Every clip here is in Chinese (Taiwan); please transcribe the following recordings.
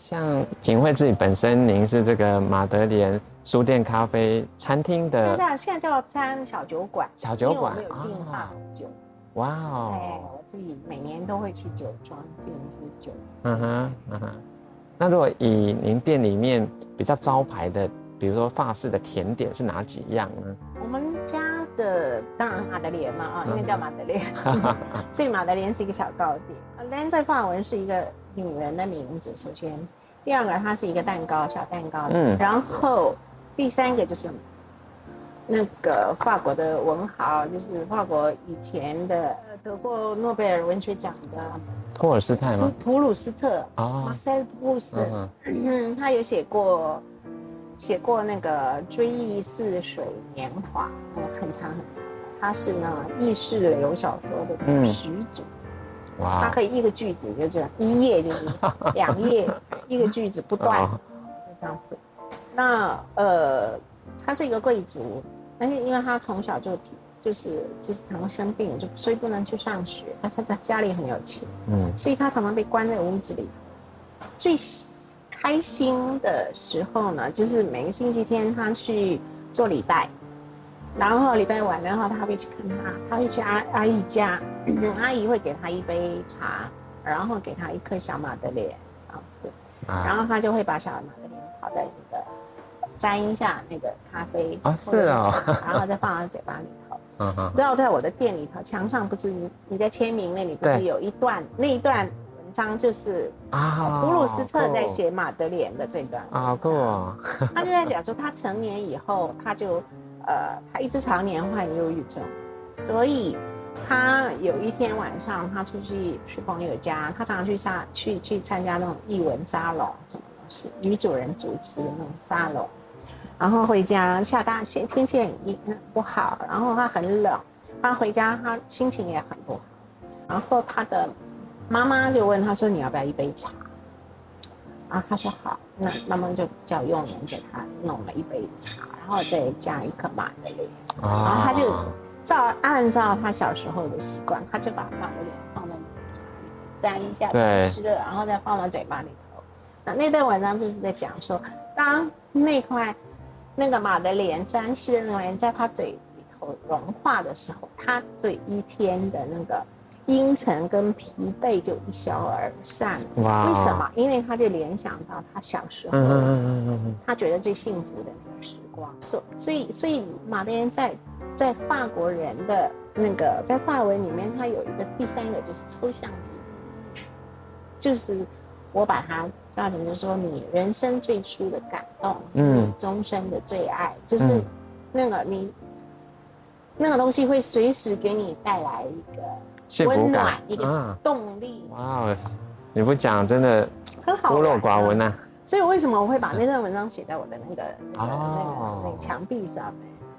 像品慧自己本身，您是這個馬德蓮書店咖啡餐廳的，就像現在叫餐小酒館，小酒館沒有進到酒。哇哦！哎、wow，我自己每年都會去酒莊進一些酒。嗯哼，嗯哼、uh。Huh, uh huh. 那如果以您店裡面比較招牌的，比如說法式的甜點是哪幾樣呢？我們家的當然馬德蓮嘛啊，應該、uh huh. 叫馬德蓮， 所以馬德蓮是一個小糕點。啊，蓮在法文是一個。女人的名字，首先，第二個它是一個蛋糕，小蛋糕。嗯，然後第三個就是，那個法國的文豪，就是法國以前的得過諾貝爾文學獎的托爾斯泰嗎？普魯斯特啊，oh. 馬塞爾·普魯斯特、uh huh. 嗯，他有寫過，寫過那個《追憶似水年華》，嗯，很長很長。他是呢，意識流小說的始祖。嗯 Wow. 他可以一個句子就這樣，一頁就是兩頁， 一個句子不斷，Oh. 就這樣子。那呃，他是一個貴族，但是因為他從小就體，就是就是常常生病，就所以不能去上學。他他在家裡很有錢，嗯，所以他常常被關在屋子裡。最開心的時候呢，就是每個星期天他去做禮拜。然後禮拜晚的話，他會去看他，他會去阿阿姨家，阿姨會給他一杯茶，然後給他一顆小馬德蓮、啊，然後他就會把小馬德蓮泡在那個，啊、沾一下那個咖啡啊是、哦、然後再放到嘴巴裡頭。嗯嗯哼。知道在我的店裡頭，牆上不是你你在簽名那裡你不是有一段對那一段文章就是啊普魯斯特在寫馬德蓮的這段啊夠啊，夠哦、他就在講說他成年以後他就。呃，他一直常年患憂鬱症，所以他有一天晚上，他出去去朋友家，他常常去沙，去去參加那種藝文沙龍，什麼東西，女主人主持的那種沙龍。然後回家下大雪，天氣很陰不好，然後他很冷，他回家他心情也很不好。然後他的媽媽就問他說：“你要不要一杯茶？”啊，他說好，那媽媽就叫傭人給他弄了一杯茶，然後再加一顆瑪德蓮，oh. 然後他就照按照他小時候的習慣，他就把瑪德蓮放到那個茶裡，沾一下，濕了對，然後再放到嘴巴裡頭。那那段文章就是在講說，當那塊那個瑪德蓮沾濕，那玩意在他嘴裡頭融化的時候，他對一天的那個。陰沉跟疲憊就一消而散。哇！Wow. 為什麼？因為他就聯想到他小時候，嗯嗯嗯嗯他覺得最幸福的那個時光。所以所以所以，瑪德蓮在在法國人的那個在法文裡面，他有一個第三個就是抽象的，就是我把它叫成就是說，你人生最初的感動，嗯，終身的最愛，就是那個你、嗯、那個東西會隨時給你帶來一個，溫暖，一個動力、啊、哇！你不講真的，孤陋寡聞吶、啊。所以為什麼我會把那篇文章寫在我的、那個嗯、那個那個那個牆壁上，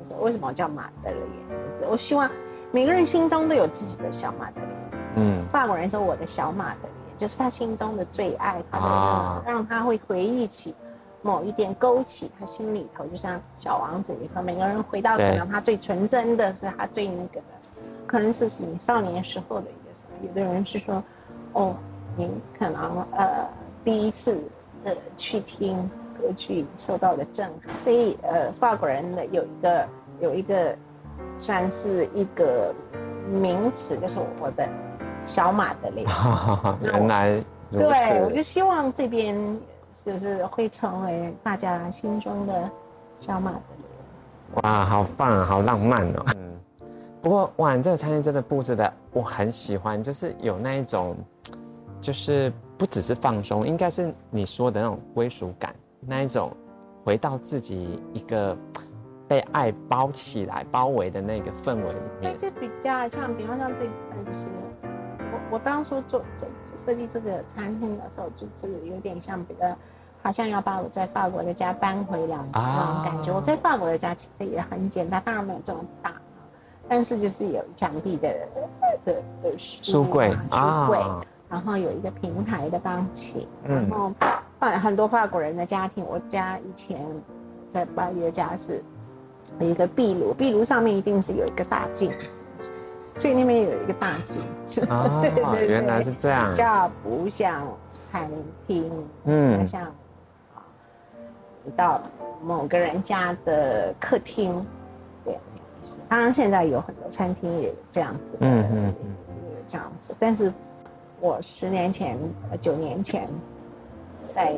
就是為什麼我叫瑪德蓮？就是，我希望每個人心中都有自己的小瑪德蓮。嗯，法國人說，我的小瑪德蓮就是他心中的最愛，啊，他的讓他會回憶起某一點，勾起他心裡頭，就像《小王子》裡頭，每個人回到可能他最純真的對是他最那個的。可能是你少年時候的一個時候，有的人是說，哦，你可能呃第一次呃去聽歌劇受到的震撼，所以呃，法國人的有一個有一個算是一個名詞，就是我的小瑪德蓮。哦，原來，對，我就希望這邊就是會成為大家心中的小瑪德蓮。哇，好棒，好浪漫哦。嗯不過哇，這個餐廳真的佈置的我很喜歡，就是有那一種，就是不只是放鬆，應該是你說的那種歸屬感，那一種回到自己一個被愛包起來、包圍的那個氛圍裡面。對，就比較像，比方像這，一就是我我當初做做，做設計這個餐廳的時候，就就有點像別的好像要把我在法國的家搬回來那種感覺。啊，我在法國的家其實也很簡單，當然沒有這麼大。但是就是有牆壁的的，的，的書櫃啊，書櫃，然後有一個平台的鋼琴，嗯、然後放很多法國人的家庭。我家以前在巴黎的家是有一個壁爐，壁爐上面一定是有一個大鏡子，所以那邊有一個大鏡子。原來是這樣。比較不像餐廳，嗯，像到某個人家的客廳。當然，現在有很多餐廳也這樣子，嗯，嗯嗯，這樣子。但是，我十年前、九年前，在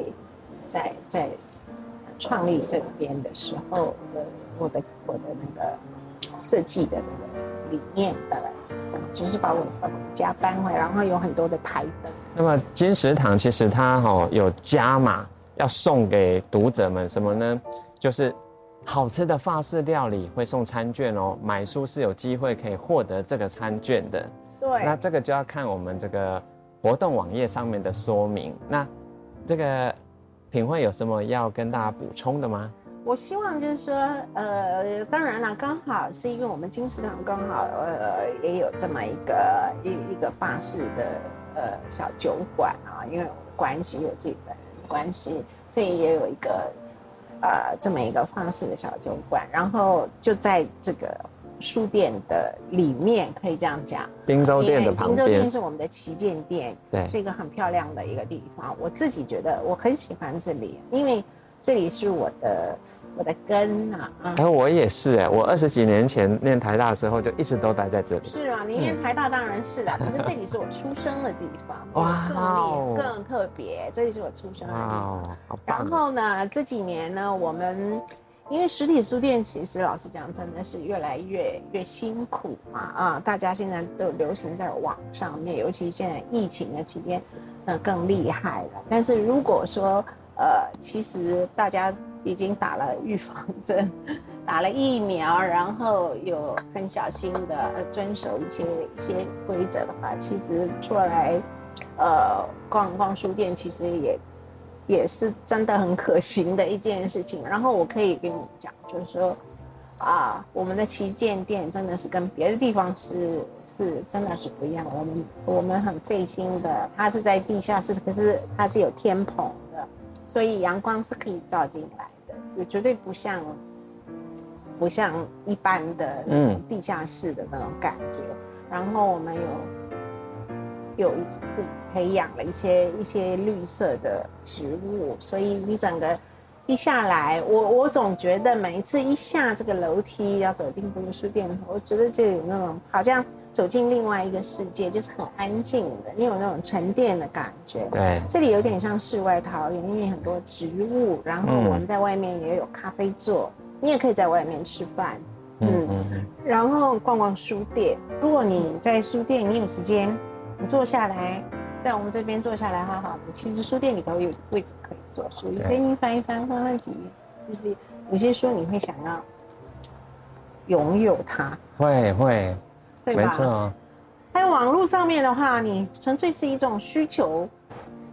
在在創立這邊的時候，我的我的我的那個設計的那個理念的、就是，就是把我的家搬回來，然後有很多的檯燈。那麼金石堂其實它哦有加碼要送給讀者們什麼呢？就是。好吃的法式料理會送餐券哦，買書是有機會可以獲得這個餐券的。對，那這個就要看我們這個活動網頁上面的說明。那這個品慧有什麼要跟大家補充的嗎？我希望就是說，呃，當然了，剛好是因為我們金石堂剛好呃也有這麼一個一個一個法式的呃小酒館啊，因為有關係有自己本人關係，所以也有一個。呃，這麼一個法式的小酒館，然後就在這個書店的裡面，可以這樣講。汀州店的旁邊，汀州店是我們的旗艦店，對，是一個很漂亮的一個地方。我自己覺得我很喜歡這裡，因為。這裡是我的我的根吶啊！哎、嗯，我也是哎！我二十幾年前念台大的時候就一直都待在這裡。是啊，你念台大當然是了、啊。嗯、可是這裡是我出生的地方，哇更厲、哦、更特別，這裡是我出生的地方。哇、好棒。然後呢，這幾年呢，我們因為實體書店其實老實講真的是越來越越辛苦嘛啊！大家現在都流行在網上面，尤其現在疫情的期間，那、呃、更厲害了。但是如果說呃，其實大家已經打了預防針，打了疫苗，然後有很小心的遵守一些一些規則的話，其實出來，呃，逛逛書店其實也也是真的很可行的一件事情。然後我可以跟你講，就是說，啊，我們的旗艦店真的是跟別的地方是是真的是不一樣，我們我們很費心的，它是在地下室，可是它是有天棚。所以陽光是可以照進來的，就絕對不像不像一般的嗯地下室，的那種感覺。嗯，然後我們有有一次培養了一些一些綠色的植物，所以你整個。一下來，我我總覺得每一次一下這個樓梯，要走進這個書店，我覺得就有那種好像走進另外一個世界，就是很安靜的，你有那種沉澱的感覺。對，這裡有點像世外桃源，因為很多植物。然後我們在外面也有咖啡座，你也可以在外面吃飯，嗯，嗯，然後逛逛書店。如果你在書店，你有時間，你坐下來，在我們這邊坐下來，好好的。其實書店裡頭有位置可以。所以，可以對翻一翻，翻翻幾頁，就是有些書你會想要擁有它，會會，會對吧？在錯網絡上面的話，你純粹是一種需求；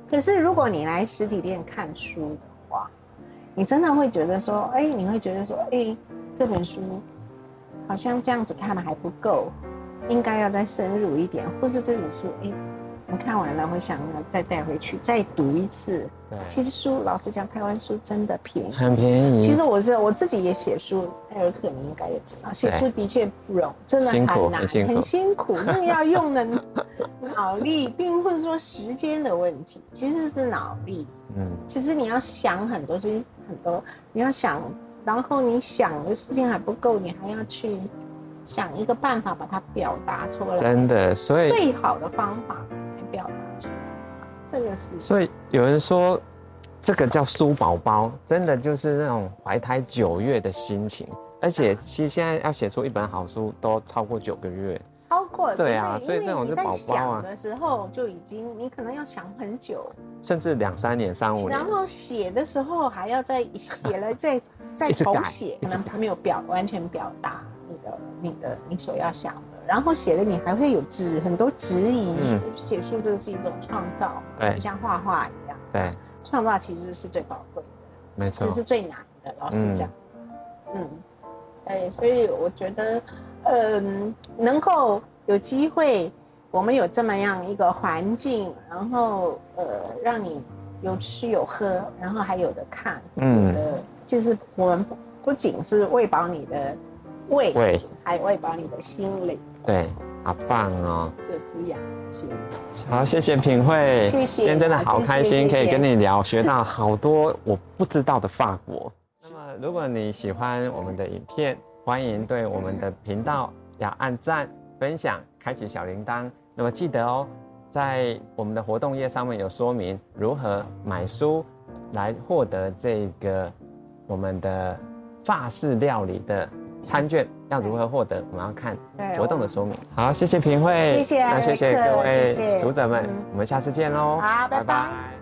可是如果你來實體店看書的話，你真的會覺得說，哎、欸，你會覺得說，哎、欸，這本書好像這樣子看得還不夠，應該要再深入一點，或是這本書，哎、欸。你看完了會想要再帶回去再讀一次。對其實書老實講，台灣書真的便宜，很便宜。其實我是我自己也寫書，愛瑞克，你應該也知道，寫書的確不容易，對真的很難，辛苦很辛苦。因為要用的腦力，並不是說時間的問題，其實是腦力。嗯，其實你要想很多，東西，很多，你要想，然後你想的事情還不夠，你還要去想一個辦法把它表達出來。真的，所以最好的方法。這個是，所以有人說，這個叫書寶寶，真的就是那種懷胎九月的心情。而且，其實現在要寫出一本好書，都超過九個月。超過，對啊，因為 所以這種就是寶寶啊，你在想的時候就已經，你可能要想很久，甚至兩三年、三五年。然後寫的時候還要再寫了再再重寫， 改可能他沒有表完全表達你的你的你所要想的。然後寫了，你還會有指，很多質疑。嗯，寫書，這是一種創造，對，像畫畫一樣，對，創造其實是最寶貴的，沒錯，這是最難的，老實講。嗯，哎、嗯，所以我覺得，嗯、呃，能夠有機會，我們有這麼樣一個環境，然後呃，讓你有吃有喝，然後還有的看，嗯，就是我們不僅是餵飽你的胃，餵還餵飽你的心靈。對，好、啊、棒哦！就滋養性。好，謝謝品慧，謝謝，今天真的好開心，可以跟你聊，學到好多我不知道的法國。那麼，如果你喜歡我們的影片，歡迎對我們的頻道要按讚、分享、開啟小鈴鐺。那麼記得哦，在我們的活動頁上面有說明如何買書來獲得這個我們的法式料理的。餐券要如何獲得？嗯、我們要看活動的說明。好，謝謝品慧。謝謝，那謝謝各位謝謝讀者們，嗯、我們下次見嘍。好，拜拜。拜拜。